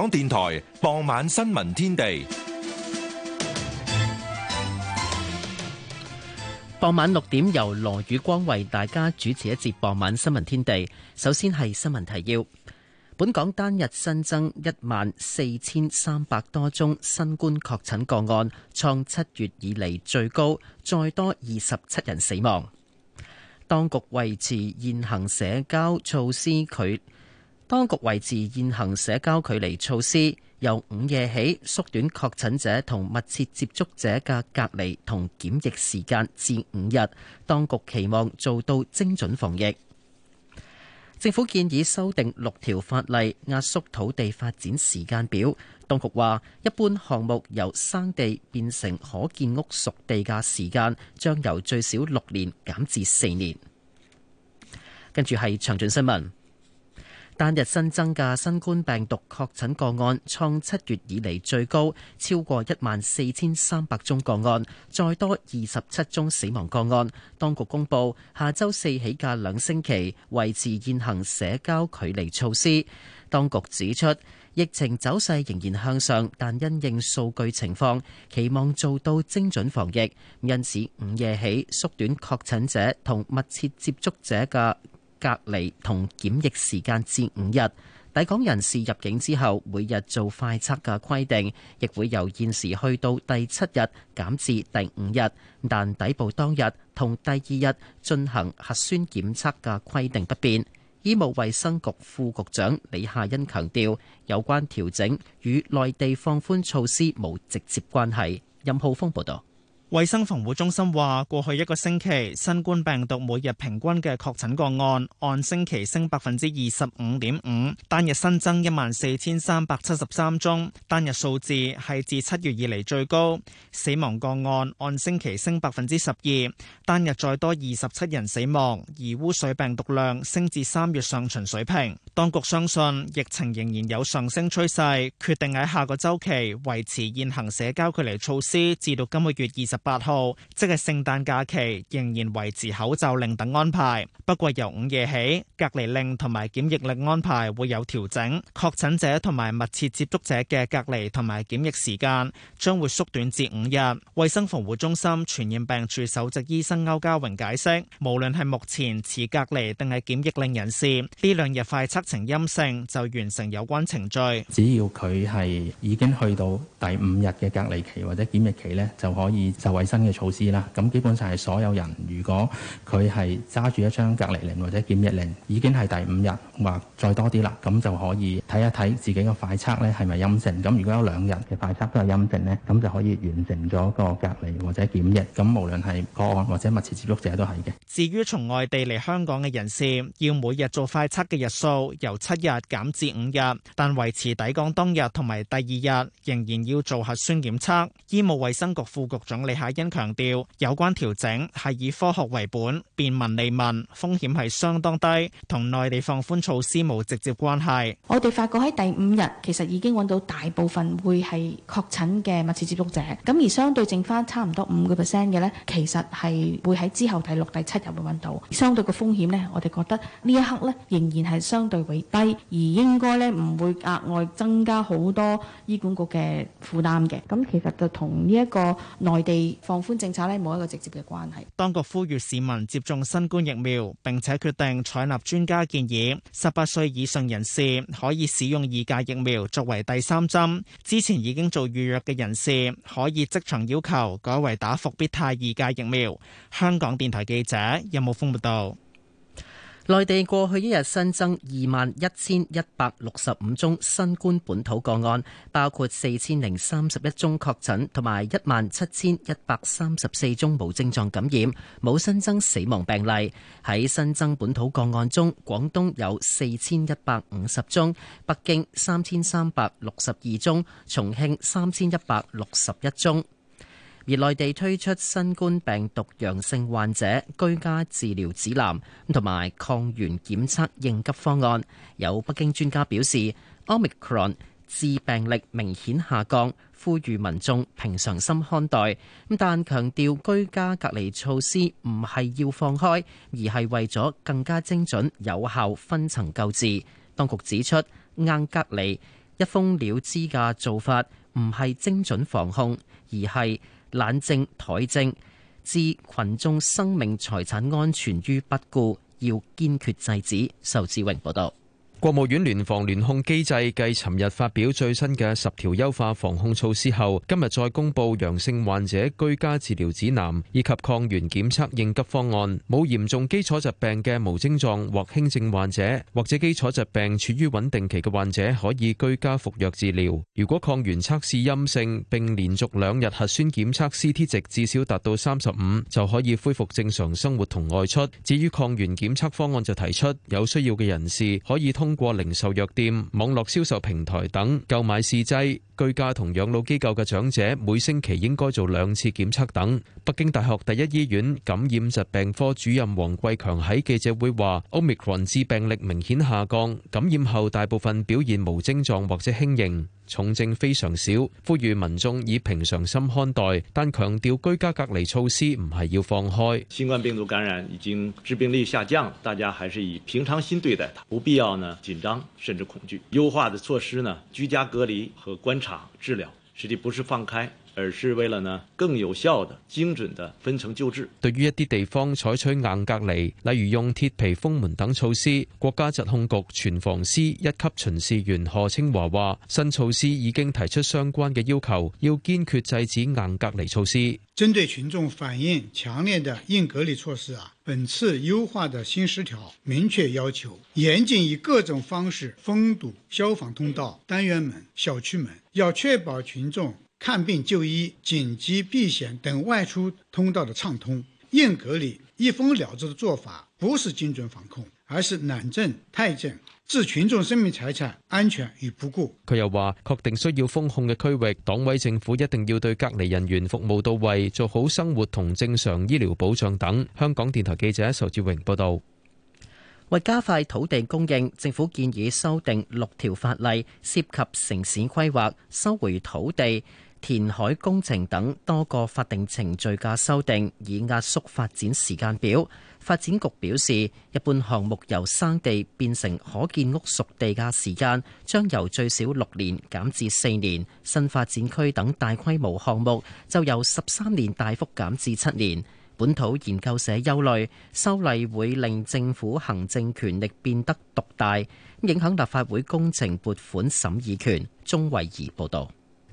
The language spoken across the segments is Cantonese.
香港電台傍晚新聞天地，傍晚六點由羅宇光為大家主持一節傍晚新聞天地。首先係新聞提要：本港單日新增一萬四千三百多宗新冠確診個案，創七月以嚟最高，再多二十七人死亡。當局維持現行社交措施，佢。當局維持現行社交距離措施，由午夜起縮短確診者同密切接觸者嘅隔離同檢疫時間至五日。當局期望做到精準防疫。政府建議修訂六條法例，壓縮土地發展時間表。當局話，一般項目由生地變成可建屋熟地嘅時間，將由最少六年減至四年。跟住係詳盡新聞。單日新增嘅新冠病毒確診個案創七月以嚟最高，超過一萬四千三百宗個案，再多二十七宗死亡個案。當局公布，下周四起嘅兩星期維持現行社交距離措施。當局指出，疫情走勢仍然向上，但因應數據情況，期望做到精準防疫，因此午夜起縮短確診者同密切接觸者嘅隔離同檢疫時間至五日，抵港人士入境之後每日做快測嘅規定，亦會由現時去到第七日減至第五日。但抵埗當日同第二日進行核酸檢測嘅規定不變。醫務衛生局副局長李夏茵強調，有關調整與內地放寬措施無直接關係。任浩峰報道。衛生防護中心話，過去一個星期，新冠病毒每日平均嘅確診個案按星期升百分之二十五點五，單日新增一萬四千三百七十三宗，單日數字係自七月以嚟最高。死亡個案按星期升百分之十二，單日再多二十七人死亡，而污水病毒量升至三月上旬水平。當局相信疫情仍然有上升趨勢，決定喺下個周期維持現行社交距離措施，至到今個月二十。八號即係聖誕假期，仍然維持口罩令等安排。不過由午夜起，隔離令同埋檢疫令安排會有調整，確診者同埋密切接觸者嘅隔離同埋檢疫時間將會縮短至五日。衛生防護中心傳染病處首席醫生歐家榮解釋，無論係目前持隔離定係檢疫令人士，呢兩日快測呈陰性就完成有關程序。只要佢係已經去到第五日嘅隔離期或者檢疫期呢，就可以就衞生嘅措施啦，咁基本上係所有人，如果佢係揸住一張隔離令或者檢疫令，已經係第五日，話再多啲啦，咁就可以睇一睇自己嘅快測呢係咪陰性。咁如果有兩日嘅快測都係陰性呢，咁就可以完成咗個隔離或者檢疫。咁無論係個案或者密切接觸者都係嘅。至於從外地嚟香港嘅人士，要每日做快測嘅日數由七日減至五日，但維持抵港當日同埋第二日仍然要做核酸檢測。醫務衛生局副局長李。蔡英強調，有關調整係以科學為本，便民利民，風險係相當低，同內地放寬措施冇直接關係。我哋發覺喺第五日，其實已經揾到大部分會係確診嘅密切接觸者，咁而相對剩返差唔多五個 percent 嘅呢，其實係會喺之後第六、第七日會揾到，相對個風險呢，我哋覺得呢一刻呢，仍然係相對為低，而應該呢唔會額外增加好多醫管局嘅負擔嘅。咁其實就同呢一個內地放寬政策呢冇一個直接嘅關係。當局呼籲市民接種新冠疫苗，並且決定採納專家建議，十八歲以上人士可以使用二價疫苗作為第三針。之前已經做預約嘅人士可以即場要求改為打復必泰二價疫苗。香港電台記者任木鋒報道。有內地過去一日新增二萬一千一百六十五宗新冠本土個案，包括四千零三十一宗確診，同埋一萬七千一百三十四宗無症狀感染，冇新增死亡病例。喺新增本土個案中，廣東有四千一百五十宗，北京三千三百六十二宗，重慶三千一百六十一宗。而內地推出新冠病毒陽性患者居家治療指南，同埋抗原檢測應急方案。有北京專家表示，Omicron 致病力明顯下降，呼籲民眾平常心看待。咁但強調居家隔離措施唔係要放開，而係為咗更加精準有效分層救治。當局指出，硬隔離一封了之嘅做法唔係精準防控，而係，懶政怠政，置群眾生命財產安全於不顧，要堅決制止。仇志榮報道。國務院聯防聯控機制繼尋日發表最新嘅十條優化防控措施後，今日再公布陽性患者居家治療指南以及抗原檢測應急方案。冇嚴重基礎疾病嘅無症狀或輕症患者，或者基礎疾病處於穩定期嘅患者，可以居家服藥治療。如果抗原測試陰性，並連續兩日核酸檢測 CT 值至少達到三十五，就可以恢復正常生活同外出。至於抗原檢測方案就提出，有需要嘅人士可以通。通過零售藥店、網絡銷售平台等購買試劑，居家同養老機構嘅長者每星期應該做兩次檢測等。北京大學第一醫院感染疾病科主任王貴強喺記者會話，Omicron 致病力明顯下降，感染後大部分表現無症狀或者輕型。重症非常少，呼籲民眾以平常心看待，但強調居家隔離措施唔係要放開。新冠病毒感染已經致病率下降，大家還是以平常心對待它，不必要呢緊張甚至恐懼。優化的措施呢，居家隔離和觀察治療，實際不是放開。而是為了呢更有效的、精準的分層救治。對於一啲地方採取硬隔離，例如用鐵皮封門等措施，國家疾控局傳防司一級巡視員何清華話，新措施已經提出相關嘅要求，要堅決制止硬隔離措施。針對群眾反映強烈的硬隔離措施啊，本次優化的新十條明確要求，嚴禁以各種方式封堵消防通道、單元門、小區門，要確保群眾。看病就醫、緊急避險等外出通道的暢通，硬隔離，一封了之的做法，不是精準防控，而是懶政怠政，置群眾生命財產安全於不顧。佢又話：確定需要封控嘅區域，黨委政府一定要對隔離人員服務到位，做好生活同正常醫療保障等。香港電台記者仇志榮報道。為加快土地供應，政府建議修訂六條法例，涉及城市規劃、收回土地。填海工程等多個法定程序嘅修訂，以壓縮發展時間表。發展局表示，一般項目由生地變成可建屋熟地嘅時間，將由最少六年減至四年；新發展區等大規模項目就由十三年大幅減至七年。本土研究社憂慮，修例會令政府行政權力變得獨大，咁影響立法會工程撥款審議權。鐘慧儀報導。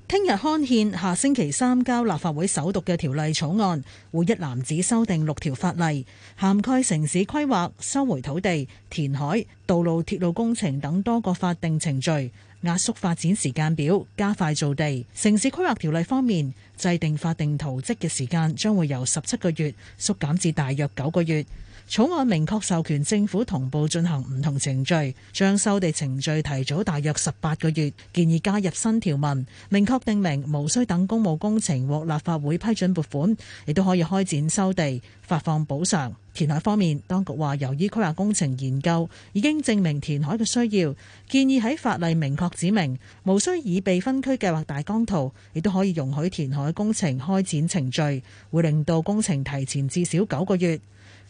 聽日刊憲，下星期三交立法會首讀嘅條例草案，會一籃子修訂六條法例，涵蓋城市規劃、收回土地、填海、道路、鐵路工程等多個法定程序，壓縮發展時間表，加快造地。城市規劃條例方面，制定法定圖則嘅時間將會由十七個月縮減至大約九個月。草案明確授權政府同步進行唔同程序，將收地程序提早大約十八個月。建議加入新條文，明確定明無需等公務工程或立法會批准撥款，亦都可以開展收地發放補償。填海方面，當局話由於規劃工程研究已經證明填海嘅需要，建議喺法例明確指明，無需以備分區計劃大綱圖，亦都可以容許填海工程開展程序，會令到工程提前至少九個月。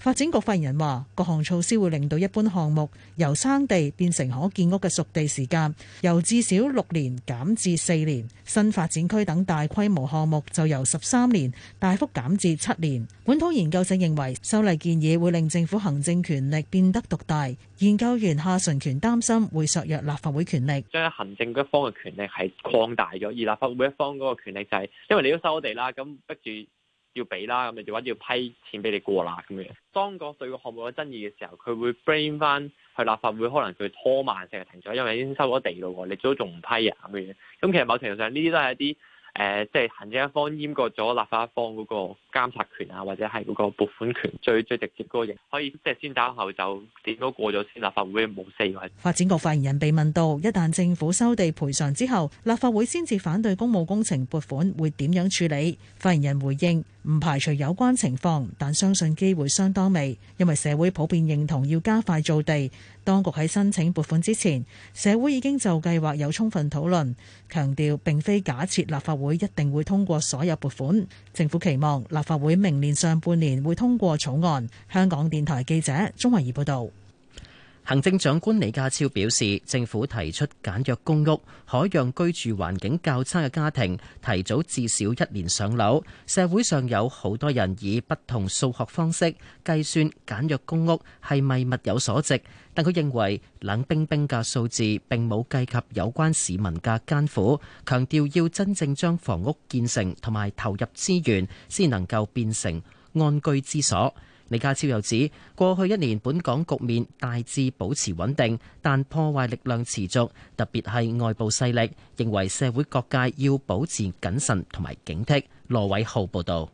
發展局發言人話：各項措施會令到一般項目由生地變成可建屋嘅熟地時間，由至少六年減至四年；新發展區等大規模項目就由十三年大幅減至七年。本土研究者認為，修例建議會令政府行政權力變得獨大。研究員夏純權擔心會削弱立法會權力。將行政一方嘅權力係擴大咗，而立法會一方嗰個權力就係、是、因為你都收我哋啦，咁不住。要俾啦，咁你就或者要批錢俾你過啦咁嘅。當個對個項目有爭議嘅時候，佢會 bring 翻去立法會，可能佢拖慢成日停咗，因為已經收咗地咯，你都仲唔批啊咁嘅。咁其實某程度上，呢啲都係一啲誒，即係行政一方濫過咗立法一方嗰個監察權啊，或者係嗰個撥款權最最直接嗰個嘢，可以即係先打後就點都過咗先，立法會冇四個。發展局發言人被問到，一旦政府收地賠償之後，立法會先至反對公務工程撥款，會點樣處理？發言人回應。唔排除有關情況，但相信機會相當微，因為社會普遍認同要加快造地。當局喺申請撥款之前，社會已經就計劃有充分討論，強調並非假設立法會一定會通過所有撥款。政府期望立法會明年上半年會通過草案。香港電台記者鍾慧儀報導。行政長官李家超表示，政府提出簡約公屋，可讓居住環境較差嘅家庭提早至少一年上樓。社會上有好多人以不同數學方式計算簡約公屋係咪物有所值，但佢認為冷冰冰嘅數字並冇計及有關市民嘅艱苦，強調要真正將房屋建成同埋投入資源，先能夠變成安居之所。李家超又指，過去一年本港局面大致保持穩定，但破壞力量持續，特別係外部勢力，認為社會各界要保持謹慎同埋警惕。羅偉浩報道。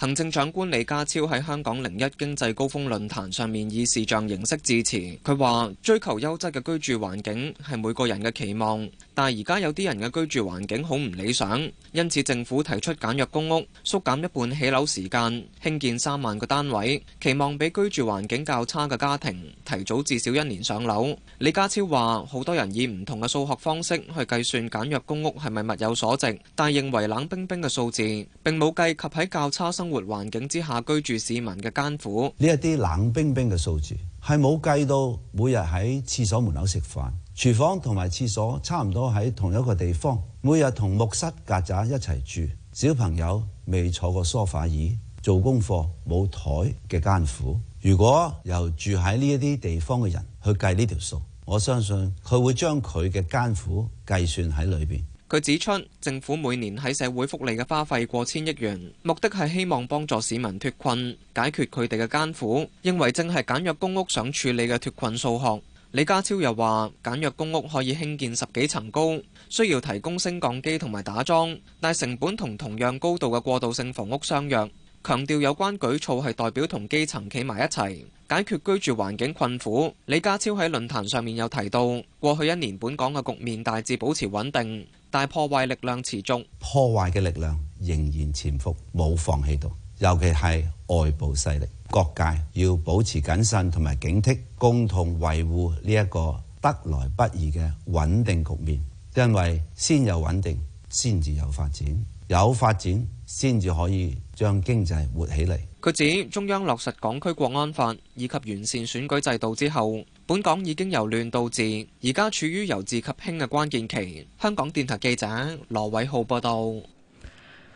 行政長官李家超喺香港零一經濟高峰論壇上面以視像形式致辭。佢話：追求優質嘅居住環境係每個人嘅期望，但係而家有啲人嘅居住環境好唔理想，因此政府提出簡約公屋，縮減一半起樓時間，興建三萬個單位，期望俾居住環境較差嘅家庭提早至少一年上樓。李家超話：好多人以唔同嘅數學方式去計算簡約公屋係咪物有所值，但係認為冷冰冰嘅數字並冇計及喺較差生活。生活環境之下居住市民嘅艱苦，呢一啲冷冰冰嘅數字係冇計到每日喺廁所門口食飯，廚房同埋廁所差唔多喺同一個地方，每日同木虱曱甴一齊住，小朋友未坐過梳化椅做功課冇台嘅艱苦。如果由住喺呢一啲地方嘅人去計呢條數，我相信佢會將佢嘅艱苦計算喺裏邊。佢指出，政府每年喺社會福利嘅花費過千億元，目的係希望幫助市民脫困，解決佢哋嘅艱苦。認為正係簡約公屋想處理嘅脫困數學。李家超又話，簡約公屋可以興建十幾層高，需要提供升降機同埋打樁，但係成本同同樣高度嘅過渡性房屋相若。強調有關舉措係代表同基層企埋一齊。解決居住環境困苦，李家超喺論壇上面有提到，過去一年本港嘅局面大致保持穩定，但破壞力量持續破壞嘅力量仍然潛伏，冇放棄度，尤其係外部勢力，各界要保持謹慎同埋警惕，共同維護呢一個得來不易嘅穩定局面，因為先有穩定。先至有發展，有發展先至可以將經濟活起嚟。佢指中央落實港區國安法以及完善選舉制度之後，本港已經由亂到治，而家處於由治及興嘅關鍵期。香港電台記者羅偉浩報道。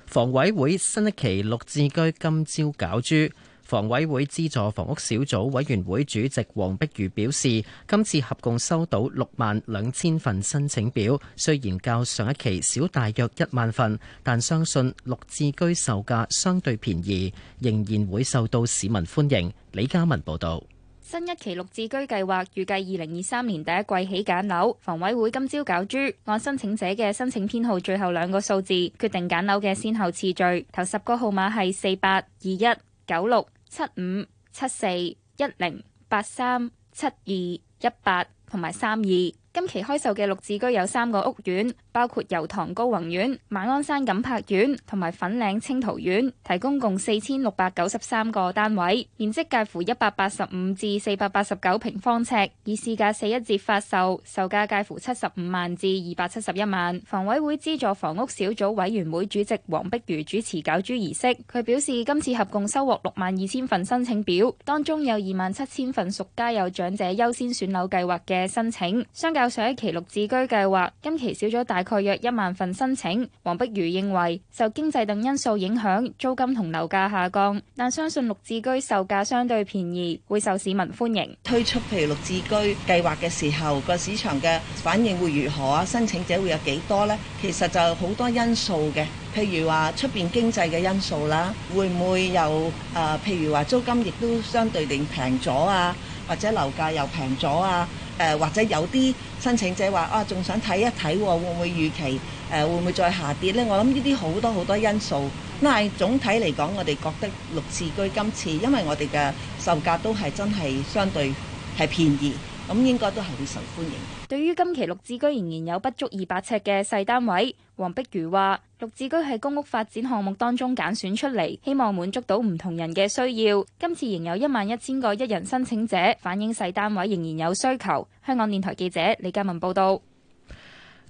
房委會新一期綠置居今朝攪珠。房委會資助房屋小組委員會主席黃碧如表示，今次合共收到六萬兩千份申請表，雖然較上一期少大約一萬份，但相信綠置居售價相對便宜，仍然會受到市民歡迎。李嘉文報道，新一期綠置居計劃預計二零二三年第一季起揀樓，房委會今朝攪珠，按申請者嘅申請編號最後兩個數字決定揀樓嘅先後次序，頭十個號碼係四八二一九六。七五七四一零八三七二一八同埋三二。75, 74, 10, 83, 72, 18, 今期開售嘅六字居有三個屋苑，包括油塘高宏苑、馬鞍山錦柏苑同埋粉嶺清濤苑，提供共四千六百九十三個單位，面積介乎一百八十五至四百八十九平方尺，以市價四一折發售，售價介乎七十五萬至二百七十一萬。房委會資助房屋小組委員會主席黃碧如主持攪珠儀式，佢表示今次合共收獲六萬二千份申請表，當中有二萬七千份屬家有長者優先選樓計劃嘅申請，相上一期綠置居計劃今期少咗大概約一萬份申請。黃碧如認為受經濟等因素影響，租金同樓價下降，但相信綠置居售價相對便宜，會受市民歡迎。推出譬如綠置居計劃嘅時候，個市場嘅反應會如何啊？申請者會有幾多呢？其實就好多因素嘅，譬如話出邊經濟嘅因素啦，會唔會又啊？譬如話租金亦都相對定平咗啊，或者樓價又平咗啊？誒或者有啲申請者話啊，仲想睇一睇喎、啊，會唔會預期誒、啊、會唔會再下跌咧？我諗呢啲好多好多因素，但係總體嚟講，我哋覺得綠置居今次，因為我哋嘅售價都係真係相對係便宜，咁、嗯、應該都係會受歡迎。對於今期綠置居仍然有不足二百呎嘅細單位，黃碧如話。獨自居喺公屋發展項目當中揀選出嚟，希望滿足到唔同人嘅需要。今次仍有一萬一千個一人申請者，反映細單位仍然有需求。香港電台記者李嘉文報道。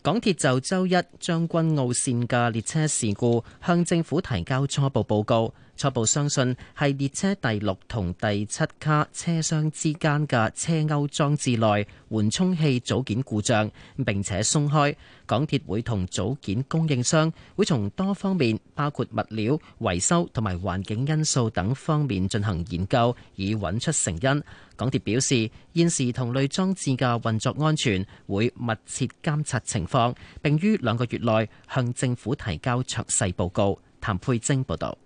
港鐵就周一將軍澳綫嘅列車事故向政府提交初步報告，初步相信係列車第六同第七卡車廂之間嘅車鈎裝置內緩衝器組件故障，並且鬆開。港鐵會同組件供應商會從多方面，包括物料、維修同埋環境因素等方面進行研究，以揾出成因。港鐵表示，現時同類裝置嘅運作安全會密切監察情況，並於兩個月內向政府提交詳細報告。譚佩晶報導。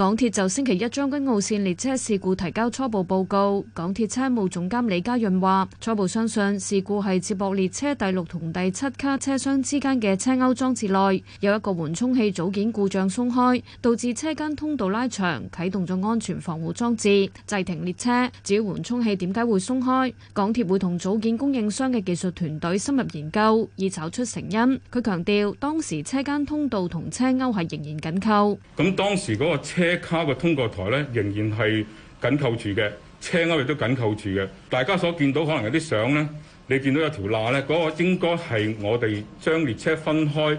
港鐵就星期一將軍澳線列車事故提交初步報告。港鐵車務總監李家潤話：初步相信事故係接駁列車第六同第七卡車廂之間嘅車鈎裝置內有一個緩衝器組件故障鬆開，導致車間通道拉長，啟動咗安全防護裝置，制停列車。至於緩衝器點解會鬆開，港鐵會同組件供應商嘅技術團隊深入研究，以找出成因。佢強調當時車間通道同車鈎係仍然緊扣。咁當時嗰個車車卡個通過台咧仍然係緊扣住嘅，車鈎亦都緊扣住嘅。大家所見到可能有啲相咧，你見到有條罅咧，嗰個應該係我哋將列車分開，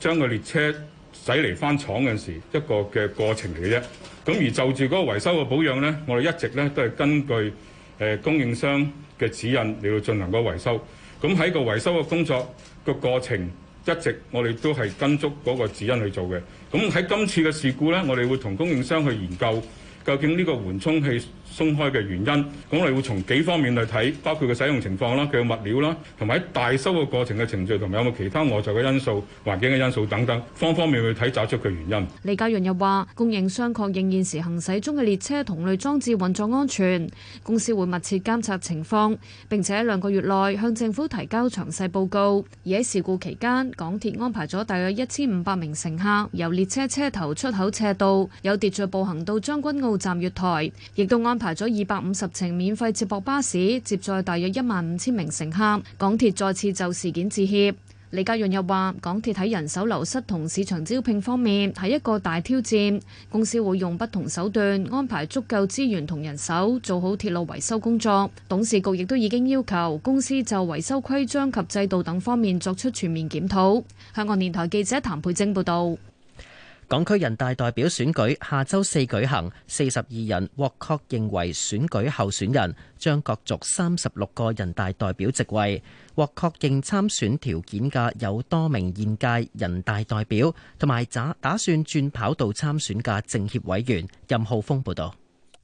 將個列車駛離翻廠嗰陣時一個嘅過程嚟嘅啫。咁而就住嗰個維修嘅保養咧，我哋一直咧都係根據誒供應商嘅指引你要進行個維修。咁喺個維修嘅工作個過程。一直我哋都係跟足嗰個指引去做嘅。咁喺今次嘅事故咧，我哋會同供應商去研究究竟呢個緩衝器。鬆開嘅原因，咁我哋會從幾方面嚟睇，包括個使用情況啦、佢嘅物料啦，同埋喺大修嘅過程嘅程序，同埋有冇其他外在嘅因素、環境嘅因素等等，方方面面去睇，找出佢原因。李家潤又話：供應商確認現時行駛中嘅列車同類裝置運作安全，公司會密切監察情況，並且喺兩個月內向政府提交詳細報告。而喺事故期間，港鐵安排咗大約一千五百名乘客由列車車頭出口斜道，有秩序步行到將軍澳站月台，亦都安排。排咗二百五十程免費接駁巴士，接載大約一萬五千名乘客。港鐵再次就事件致歉。李家潤又話，港鐵喺人手流失同市場招聘方面係一個大挑戰，公司會用不同手段安排足夠資源同人手，做好鐵路維修工作。董事局亦都已經要求公司就維修規章及制度等方面作出全面檢討。香港電台記者譚佩貞報道。港區人大代表選舉下周四舉行，四十二人獲確認為選舉候選人，將角逐三十六個人大代表席位。獲確認參選條件嘅有多名現屆人大代表同埋打打算轉跑道參選嘅政協委員。任浩峰報導。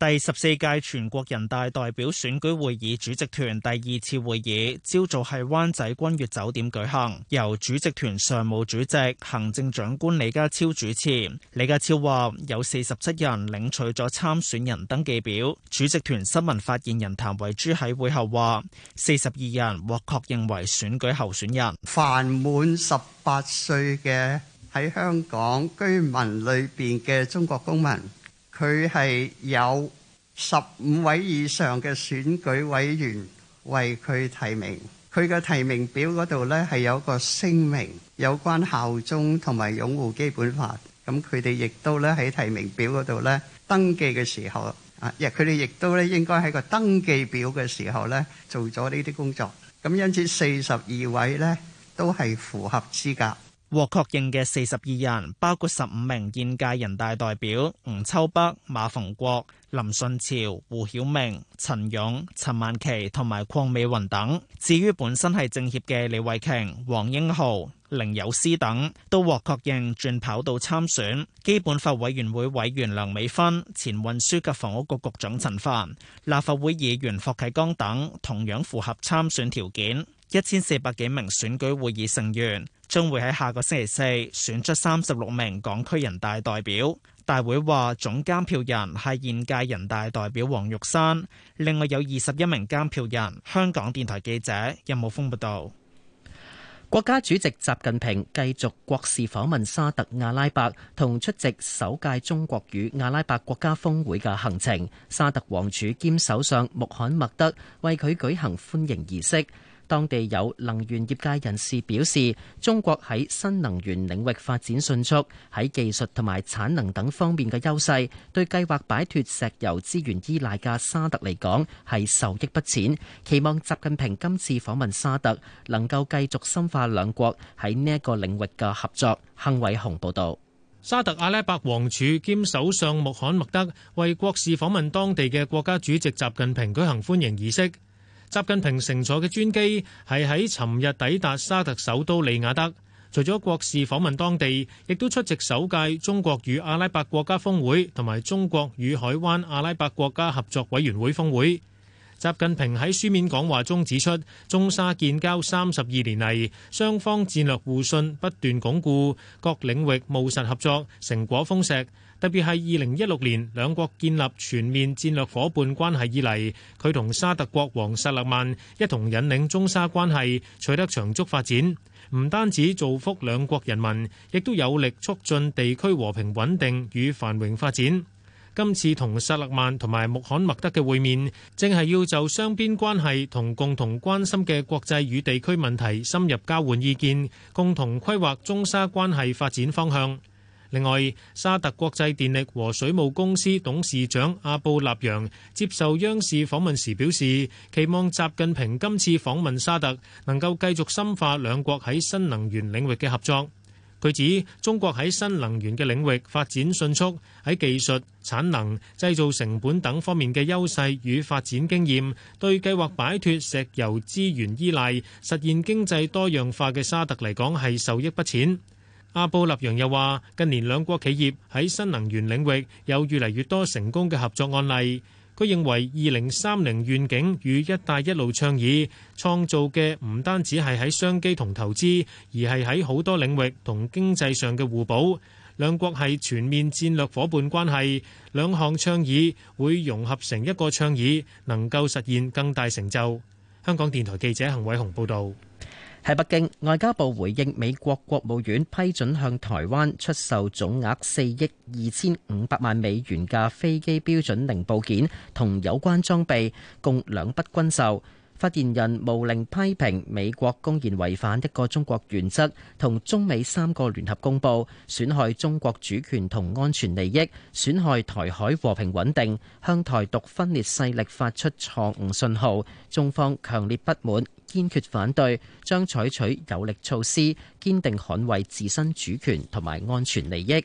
第十四屆全國人大代表選舉會議主席團第二次會議，朝早喺灣仔君悦酒店舉行，由主席團常務主席、行政長官李家超主持。李家超話有四十七人領取咗參選人登記表。主席團新聞發言人譚惠珠喺會後話：四十二人獲確認為選舉候選人，凡滿十八歲嘅喺香港居民裏邊嘅中國公民。佢係有十五位以上嘅選舉委員為佢提名，佢嘅提名表嗰度咧係有個聲明有關效忠同埋擁護基本法，咁佢哋亦都咧喺提名表嗰度咧登記嘅時候，啊，亦佢哋亦都咧應該喺個登記表嘅時候咧做咗呢啲工作，咁因此四十二位咧都係符合資格。獲確認嘅四十二人，包括十五名現屆人大代表吳秋北、馬逢國、林順潮、胡曉明、陳勇、陳曼琪同埋鄺美雲等。至於本身係政協嘅李慧瓊、黃英豪、凌友詩等，都獲確認轉跑道參選。基本法委員會委員梁美芬、前運輸及房屋局局長陳帆、立法會議員霍啟剛等，同樣符合參選條件。一千四百幾名選舉會議成員將會喺下個星期四選出三十六名港區人大代表。大會話總監票人係現屆人大代表黃玉山，另外有二十一名監票人。香港電台記者任武峰報道。國家主席習近平繼續國事訪問沙特阿拉伯，同出席首屆中國與阿拉伯國家峰會嘅行程。沙特王儲兼首相穆罕默德為佢舉行歡迎儀式。當地有能源業界人士表示，中國喺新能源領域發展迅速，喺技術同埋產能等方面嘅優勢，對計劃擺脫石油資源依賴嘅沙特嚟講係受益不淺。期望習近平今次訪問沙特，能夠繼續深化兩國喺呢一個領域嘅合作。坑偉雄報導。沙特阿拉伯王儲兼首相穆罕默德為國事訪問當地嘅國家主席習近平舉行歡迎儀式。習近平乘坐嘅專機係喺尋日抵達沙特首都利雅得。除咗國事訪問當地，亦都出席首屆中國與阿拉伯國家峰會同埋中國與海灣阿拉伯國家合作委員會峰會。習近平喺書面講話中指出，中沙建交三十二年嚟，雙方戰略互信不斷鞏固，各領域務實合作成果豐碩。特別係二零一六年兩國建立全面戰略伙伴關係以嚟，佢同沙特國王薩勒曼一同引領中沙關係取得長足發展，唔單止造福兩國人民，亦都有力促進地區和平穩定與繁榮發展。今次同薩勒曼同埋穆罕默德嘅會面，正係要就雙邊關係同共同關心嘅國際與地區問題深入交換意見，共同規劃中沙關係發展方向。另外，沙特國際電力和水務公司董事長阿布納揚接受央視訪問時表示，期望習近平今次訪問沙特能夠繼續深化兩國喺新能源領域嘅合作。佢指中國喺新能源嘅領域發展迅速，喺技術、產能、製造成本等方面嘅優勢與發展經驗對計劃擺脫石油資源依賴實現經濟多樣化嘅沙特嚟講，係受益不淺。阿布立揚又話：近年兩國企業喺新能源領域有越嚟越多成功嘅合作案例。佢認為，二零三零願景與「一帶一路」倡議創造嘅唔單止係喺商機同投資，而係喺好多領域同經濟上嘅互補，兩國係全面戰略伙伴關係，兩項倡議會融合成一個倡議，能夠實現更大成就。香港電台記者陳偉雄報道。喺北京，外交部回應美國國務院批准向台灣出售總額四億二千五百萬美元嘅飛機標準零部件同有關裝備，共兩筆軍售。發言人無令批評美國公然違反一個中國原則，同中美三個聯合公報，損害中國主權同安全利益，損害台海和平穩定，向台獨分裂勢力發出錯誤信號，中方強烈不滿，堅決反對，將採取有力措施，堅定捍衛自身主權同埋安全利益。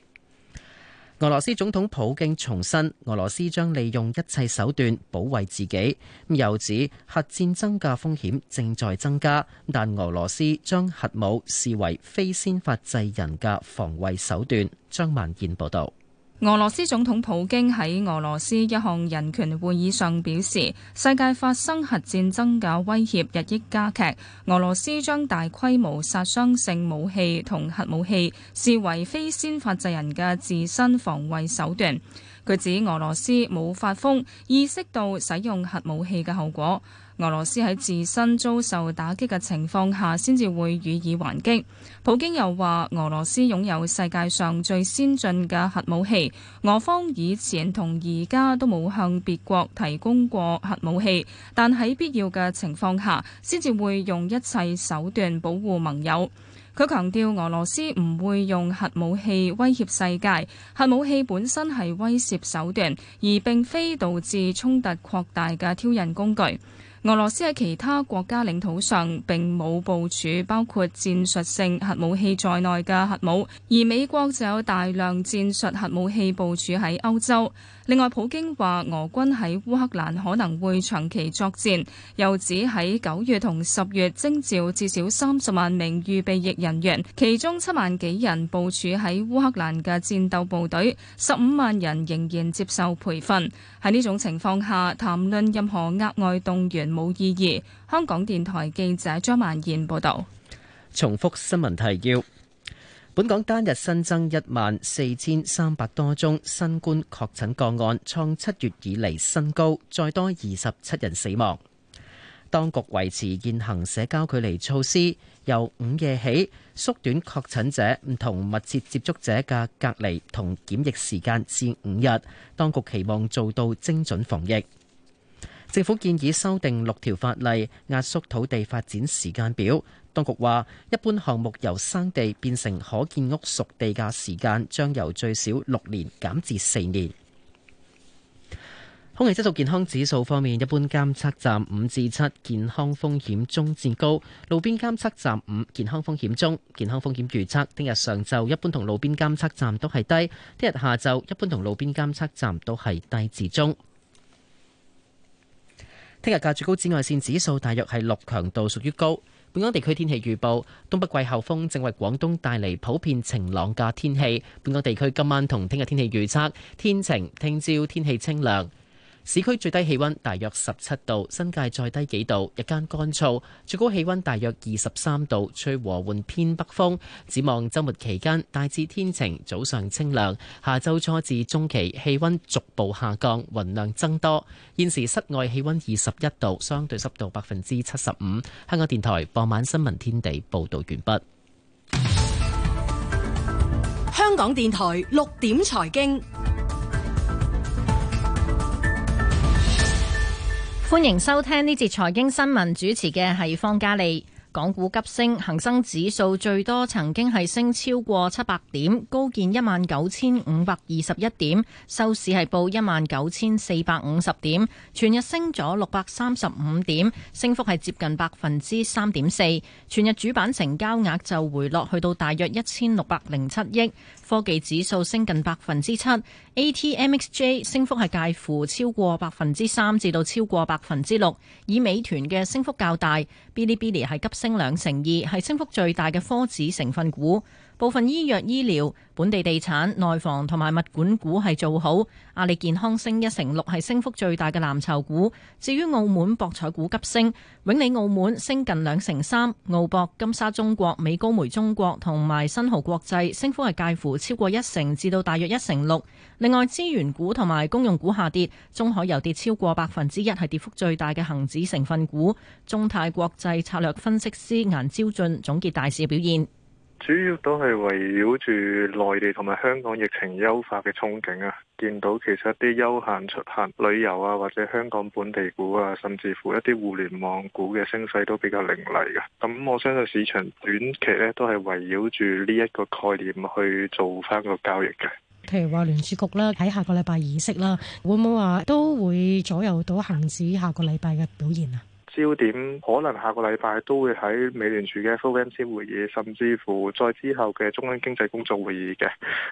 俄羅斯總統普京重申，俄羅斯將利用一切手段保衛自己。又指核戰爭嘅風險正在增加，但俄羅斯將核武視為非先發制人嘅防衛手段。張萬健報道。俄羅斯總統普京喺俄羅斯一項人權會議上表示，世界發生核戰爭嘅威脅日益加劇。俄羅斯將大規模殺傷性武器同核武器視為非先發制人嘅自身防衛手段。佢指俄羅斯冇發瘋，意識到使用核武器嘅後果。俄羅斯喺自身遭受打擊嘅情況下，先至會予以還擊。普京又話：俄羅斯擁有世界上最先進嘅核武器，俄方以前同而家都冇向別國提供過核武器，但喺必要嘅情況下，先至會用一切手段保護盟友。佢強調，俄羅斯唔會用核武器威脅世界，核武器本身係威脅手段，而並非導致衝突擴大嘅挑釁工具。俄羅斯喺其他國家領土上並冇部署包括戰術性核武器在內嘅核武，而美國就有大量戰術核武器部署喺歐洲。另外，普京話俄軍喺烏克蘭可能會長期作戰，又指喺九月同十月徵召至少三十萬名預備役人員，其中七萬幾人部署喺烏克蘭嘅戰鬥部隊，十五萬人仍然接受培訓，喺呢種情況下，談論任何額外動員冇意義，香港電台記者張萬燕報道。重複新聞提要。本港單日新增一萬四千三百多宗新冠確診個案，創七月以嚟新高，再多二十七人死亡。當局維持現行社交距離措施，由午夜起縮短確診者唔同密切接觸者嘅隔離同檢疫時間至五日。當局期望做到精準防疫。政府建議修訂六條法例，壓縮土地發展時間表。當局話，一般項目由生地變成可建屋熟地嘅時間，將由最少六年減至四年。空氣質素健康指數方面，一般監測站五至七，健康風險中至高；路邊監測站五，健康風險中。健康風險預測，聽日上晝一般同路邊監測站都係低；聽日下晝一般同路邊監測站都係低至中。聽日嘅最高紫外線指數大約係六強度，屬於高。本港地區天氣預報，東北季候風正為廣東帶嚟普遍晴朗嘅天氣。本港地區今晚同聽日天氣預測天晴，聽朝天氣清涼。市區最低氣溫大約十七度，新界再低幾度，日間乾燥，最高氣溫大約二十三度，吹和緩偏北風。展望週末期間大致天晴，早上清涼，下週初至中期氣溫逐步下降，雲量增多。現時室外氣溫二十一度，相對濕度百分之七十五。香港電台傍晚新聞天地報道完畢。香港電台六點財經。歡迎收聽呢節財經新聞，主持嘅係方嘉利。港股急升，恆生指數最多曾經係升超過七百點，高見一萬九千五百二十一點，收市係報一萬九千四百五十點，全日升咗六百三十五點，升幅係接近百分之三點四。全日主板成交額就回落去到大約一千六百零七億，科技指數升近百分之七，ATMXJ 升幅係介乎超過百分之三至到超過百分之六，以美團嘅升幅較大，嗶哩嗶哩係急升。升兩成二，係升幅最大嘅科指成分股。部分醫藥、醫療、本地地產、內房同埋物管股係做好，阿里健康升一成六，係升幅最大嘅藍籌股。至於澳門博彩股急升，永利澳門升近兩成三，澳博、金沙中國、美高梅中國同埋新濠國際升幅係介乎超過一成至到大約一成六。另外資源股同埋公用股下跌，中海油跌超過百分之一，係跌幅最大嘅恒指成分股。中泰國際策略分析師顏朝俊總結大市嘅表現。主要都係圍繞住內地同埋香港疫情優化嘅憧憬啊，見到其實一啲休閒出行、旅遊啊，或者香港本地股啊，甚至乎一啲互聯網股嘅升勢都比較凌厲嘅。咁、嗯、我相信市場短期咧都係圍繞住呢一個概念去做翻個交易嘅。譬如話聯儲局啦，喺下個禮拜儀式啦，會唔會話都會左右到恒指下個禮拜嘅表現啊？焦點可能下個禮拜都會喺美聯儲嘅 FOMC 會議，甚至乎再之後嘅中央經濟工作會議嘅，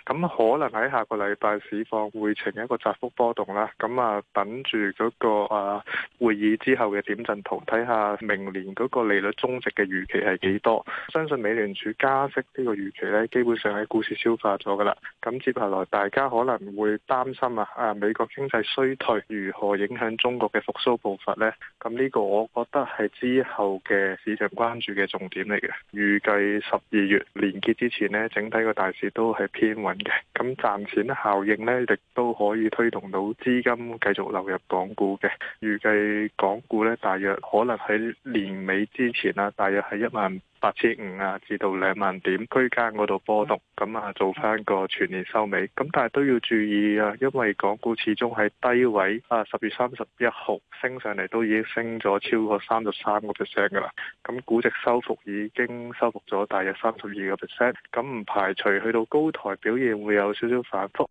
咁可能喺下個禮拜市況會呈一個窄幅波動啦。咁、那個、啊，等住嗰個啊會議之後嘅點陣圖，睇下明年嗰個利率中值嘅預期係幾多。相信美聯儲加息呢個預期呢，基本上喺股市消化咗噶啦。咁接下來大家可能會擔心啊，啊美國經濟衰退如何影響中國嘅復甦步伐呢？咁、這、呢個我。我覺得係之後嘅市場關注嘅重點嚟嘅，預計十二月年結之前呢，整體個大市都係偏穩嘅。咁賺錢效應呢，亦都可以推動到資金繼續流入港股嘅。預計港股呢，大約可能喺年尾之前啦，大約係一萬。八千五啊，至到兩萬點，區間嗰度波動，咁啊做返個全年收尾，咁但係都要注意啊，因為港股始終喺低位啊，十月三十一號升上嚟都已經升咗超過三十三個 percent 噶啦，咁估值收復已經收復咗大約三十二個 percent，咁唔排除去到高台表現會有少少反覆。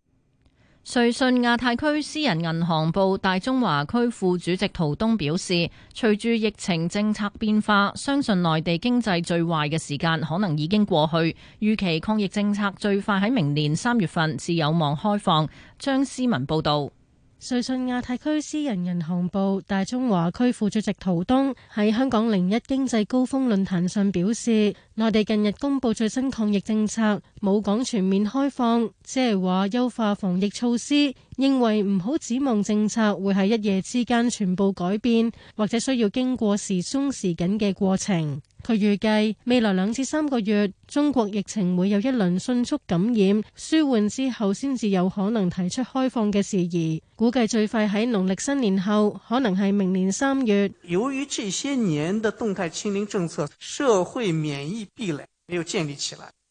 瑞信亞太區私人銀行部大中華區副主席陶東表示，隨住疫情政策變化，相信內地經濟最壞嘅時間可能已經過去，預期抗疫政策最快喺明年三月份至有望開放。張思文報道。瑞信亞太區私人銀行部大中華區副主席陶東喺香港零一經濟高峰論壇上表示，內地近日公布最新抗疫政策，冇講全面開放，即係話優化防疫措施。認為唔好指望政策會喺一夜之間全部改變，或者需要經過時鬆時緊嘅過程。佢預計未來兩至三個月，中國疫情會有一輪迅速感染、舒緩之後，先至有可能提出開放嘅事宜。估計最快喺農曆新年後，可能係明年三月。由於這些年的動態清零政策，社會免疫壁壘，沒有建立起來。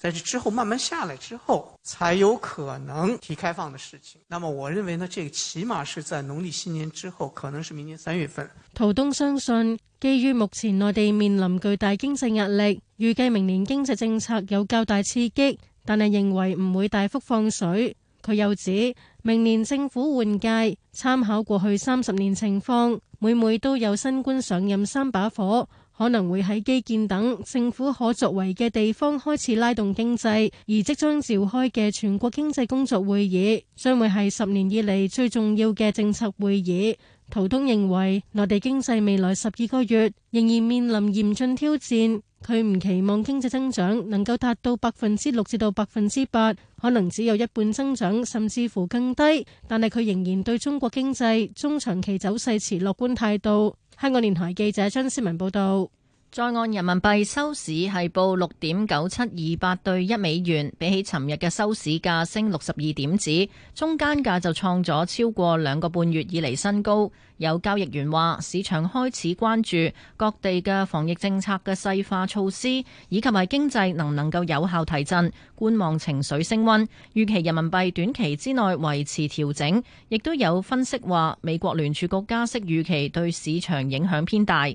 在這之後慢慢下來之後，才有可能提開放的事情。那麼，我認為呢，這個起碼是在農曆新年之後，可能是明年三月份。陶冬相信，基於目前內地面臨巨大經濟壓力，預計明年經濟政策有較大刺激，但係認為唔會大幅放水。佢又指，明年政府換屆，參考過去三十年情況，每每都有新官上任三把火。可能會喺基建等政府可作為嘅地方開始拉動經濟，而即將召開嘅全國經濟工作會議將會係十年以嚟最重要嘅政策會議。陶冬認為，內地經濟未來十二個月仍然面臨嚴峻挑戰，佢唔期望經濟增長能夠達到百分之六至到百分之八，可能只有一半增長，甚至乎更低。但係佢仍然對中國經濟中長期走勢持樂觀態度。香港電台記者張思文報道。在岸人民幣收市係報六點九七二八對一美元，比起尋日嘅收市價升六十二點子，中間價就創咗超過兩個半月以嚟新高。有交易員話，市場開始關注各地嘅防疫政策嘅細化措施，以及係經濟能唔能夠有效提振，觀望情緒升溫，預期人民幣短期之內維持調整。亦都有分析話，美國聯儲局加息預期對市場影響偏大。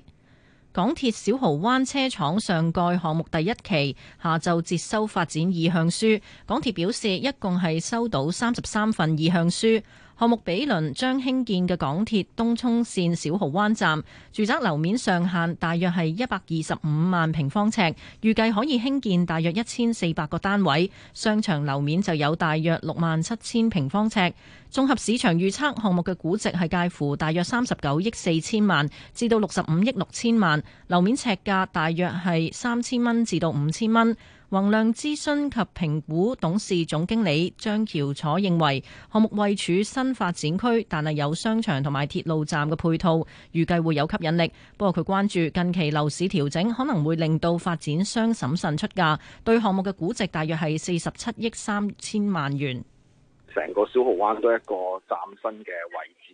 港鐵小蠔灣車廠上蓋項目第一期下晝接收發展意向書，港鐵表示一共係收到三十三份意向書。項目毗鄰將興建嘅港鐵東涌線小蠔灣站，住宅樓面上限大約係一百二十五萬平方尺，預計可以興建大約一千四百個單位。商場樓面就有大約六萬七千平方尺。綜合市場預測項目嘅估值係介乎大約三十九億四千萬至到六十五億六千萬，樓面尺價大約係三千蚊至到五千蚊。宏亮諮詢及評估董事總經理張喬楚認為，項目位處新發展區，但係有商場同埋鐵路站嘅配套，預計會有吸引力。不過佢關注近期樓市調整可能會令到發展商審慎出價，對項目嘅估值大約係四十七億三千萬元。成個小蠔灣都係一個嶄新嘅位。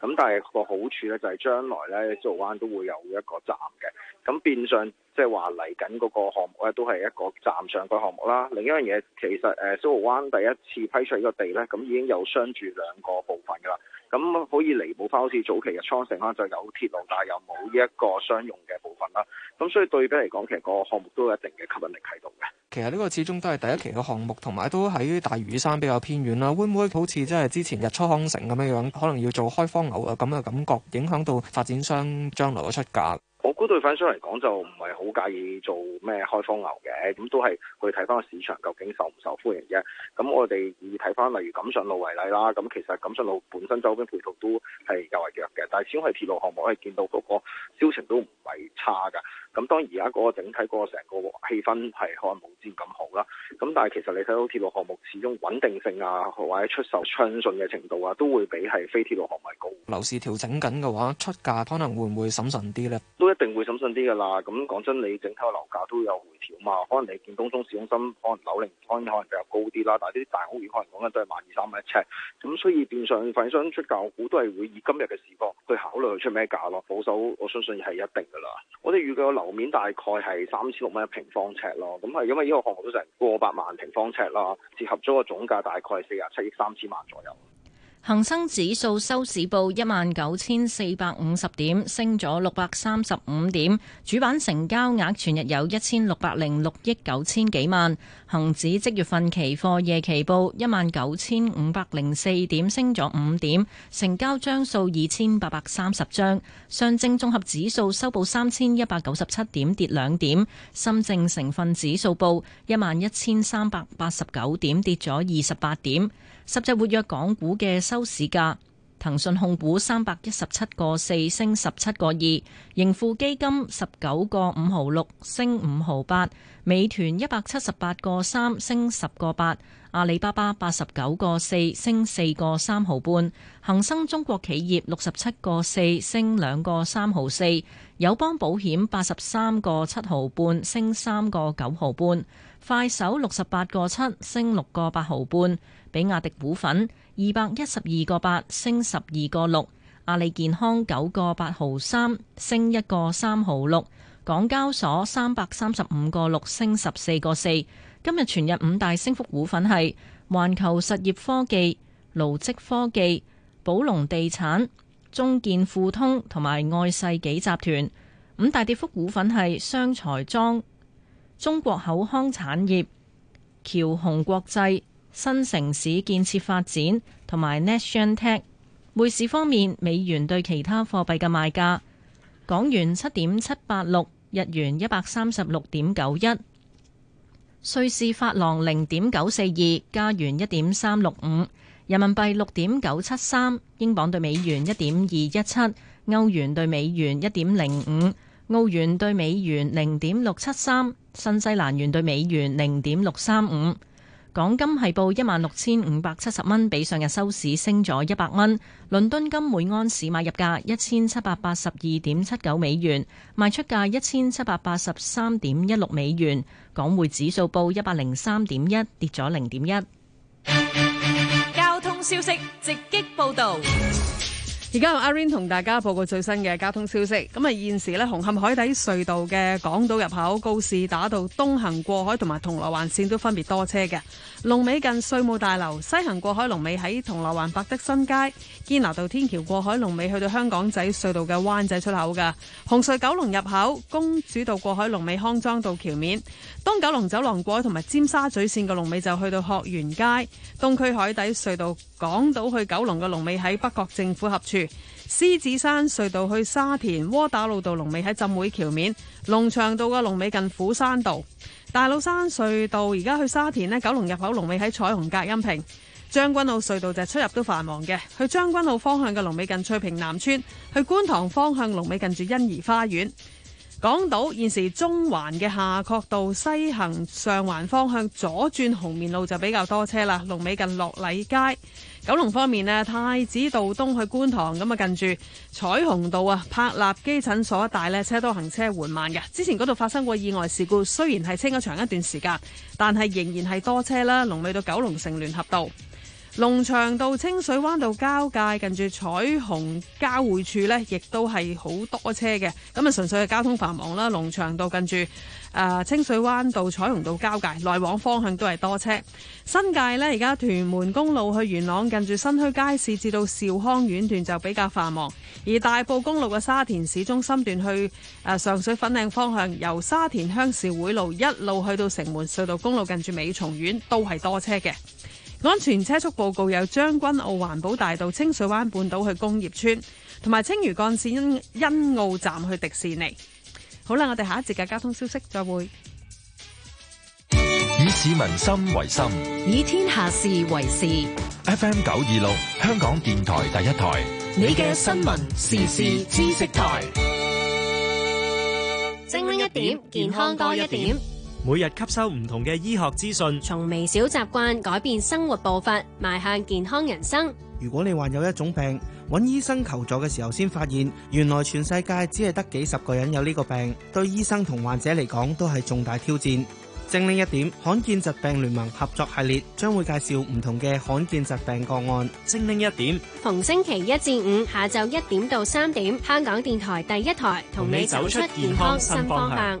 咁、嗯、但係個好處咧，就係將來咧，小蠔 灣樂都會有一個站嘅。咁變相即係話嚟緊嗰個項目咧，都係一個站上嘅項目啦。另一樣嘢，其實誒，小蠔、呃、灣第一次批出呢個地咧，咁、嗯、已經有商住兩個部分噶啦。咁可以彌補返好似早期嘅倉城啦，就有鐵路，但係又冇呢一個商用嘅部分啦。咁所以對比嚟講，其實個項目都有一定嘅吸引力喺度嘅。其實呢個始終都係第一期嘅項目，同埋都喺大嶼山比較偏遠啦。會唔會好似即係之前日出康城咁樣樣，可能要做開荒牛啊咁嘅感覺，影響到發展商將來嘅出價？我估對發展商嚟講就唔係好介意做咩開荒牛嘅，咁都係去睇翻個市場究竟受唔受歡迎啫。咁我哋以睇翻例如錦上路為例啦，咁其實錦上路本身周邊配套都係較為弱嘅，但係先係鐵路項目，可以見到嗰個銷情都唔係差噶。咁當然而家嗰個整體嗰個成個氣氛係可能冇之前咁好啦。咁但係其實你睇到鐵路項目始終穩定性啊，或者出售暢順嘅程度啊，都會比係非鐵路項目高。樓市調整緊嘅話，出價可能會唔會審慎啲咧？都一定會審慎啲㗎啦。咁講真，你整體樓價都有回調嘛？可能你見東涌市中心可能樓齡當然可能比較高啲啦，但係啲大屋苑可能講緊都係萬二三百一尺。咁所以變相，反正出價我估都係會以今日嘅市況去考慮出咩價咯。保守我相信係一定㗎啦。我哋預計個樓樓面大概係三千六蚊一平方尺咯，咁係因為呢個項目都成過百萬平方尺啦，折合咗個總價大概係四十七億三千萬左右。恒生指數收市報一萬九千四百五十點，升咗六百三十五點。主板成交額全日有一千六百零六億九千幾萬。恒指即月份期貨夜期報一萬九千五百零四點，升咗五點，成交張數二千八百三十張。上證綜合指數收報三千一百九十七點，跌兩點。深證成分指數報一萬一千三百八十九點，跌咗二十八點。十隻活躍港股嘅收市價：騰訊控股三百一十七個四，升十七個二，盈富基金十九個五毫六，升五毫八，美團一百七十八個三，升十個八，阿里巴巴八十九個四，升四個三毫半，恒生中國企業六十七個四，升兩個三毫四，友邦保險八十三個七毫半，升三個九毫半。快手六十八個七，升六個八毫半；比亞迪股份二百一十二個八，8，升十二個六；阿里健康九個八毫三，升一個三毫六；港交所三百三十五個六，升十四個四。今日全日五大升幅股份係環球實業科技、勞積科技、寶龍地產、中建富通同埋愛世紀集團。五大跌幅股份係雙財莊。中國口腔產業、僑鴻國際、新城市建設發展同埋 Nation Tech。匯市方面，美元對其他貨幣嘅賣價：港元七點七八六，日元一百三十六點九一，瑞士法郎零點九四二，加元一點三六五，人民幣六點九七三，英鎊對美元一點二一七，歐元對美元一點零五。澳元兌美元零點六七三，新西蘭元兌美元零點六三五。港金係報一萬六千五百七十蚊，16, 70, 比上日收市升咗一百蚊。倫敦金每安士買入價一千七百八十二點七九美元，1, 79, 賣出價一千七百八十三點一六美元。1, 16, 港匯指數報一百零三點一，1, 跌咗零點一。交通消息直擊報道。而家由阿 rain 同大家報告最新嘅交通消息。咁啊，現時呢紅磡海底隧道嘅港島入口、告士打道東行過海同埋銅鑼灣線都分別多車嘅。龍尾近稅務大樓西行過海，龍尾喺銅鑼灣百德新街堅拿道天橋過海，龍尾去到香港仔隧道嘅灣仔出口嘅。紅隧九龍入口公主道過海，龍尾康莊道橋面；東九龍走廊過海同埋尖沙咀線嘅龍尾就去到鶴園街。東區海底隧道港島去九龍嘅龍尾喺北角政府合處。獅子山隧道去沙田，窩打老道龍尾喺浸會橋面，龍翔道嘅龍尾近虎山道，大老山隧道而家去沙田呢，九龍入口龍尾喺彩虹隔音屏，將軍澳隧道就出入都繁忙嘅，去將軍澳方向嘅龍尾近翠屏南村，去觀塘方向龍尾近住欣怡花園，港島現時中環嘅夏慤道西行上環方向左轉紅棉路就比較多車啦，龍尾近樂禮街。九龍方面咧，太子道東去觀塘咁啊，近住彩虹道啊，柏立基診所一帶咧，車都行車緩慢嘅。之前嗰度發生過意外事故，雖然係清咗長一段時間，但係仍然係多車啦。龍尾到九龍城聯合道。龍翔道清水灣道交界，近住彩虹交匯處呢，亦都係好多車嘅。咁啊，純粹係交通繁忙啦。龍翔道近住誒、啊、清水灣道彩虹道交界，來往方向都係多車。新界呢，而家屯門公路去元朗近住新墟街市至到兆康苑段就比較繁忙。而大埔公路嘅沙田市中心段去誒上水粉嶺方向，由沙田鄉事會路一路去到城門隧道公路近住美松苑，都係多車嘅。安全車速報告有將軍澳環保大道清水灣半島去工業村，同埋青嶼幹綫欣澳站去迪士尼。好啦，我哋下一節嘅交通消息再會。以市民心為心，以天下事為事。F M 九二六，香港電台第一台，你嘅新聞時事知識台，精靈一點，健康多一點。每日吸收唔同嘅醫學資訊，從微小習慣改變生活步伐，邁向健康人生。如果你患有一種病，揾醫生求助嘅時候，先發現原來全世界只係得幾十個人有呢個病，對醫生同患者嚟講都係重大挑戰。精靈一點，罕見疾病聯盟合作系列將會介紹唔同嘅罕見疾病個案。精靈一點，逢星期一至五下晝一點到三點，香港電台第一台同你走出健康新方向。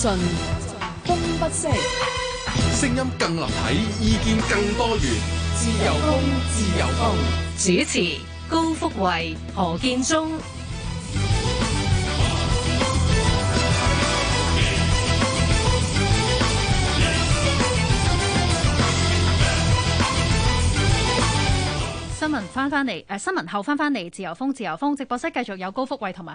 信風不息，聲音更立體，意見更多元。自由風，自由風。主持：高福慧、何建宗。新聞翻翻嚟，誒、呃，新聞後翻翻嚟。自由風，自由風。直播室繼續有高福慧同埋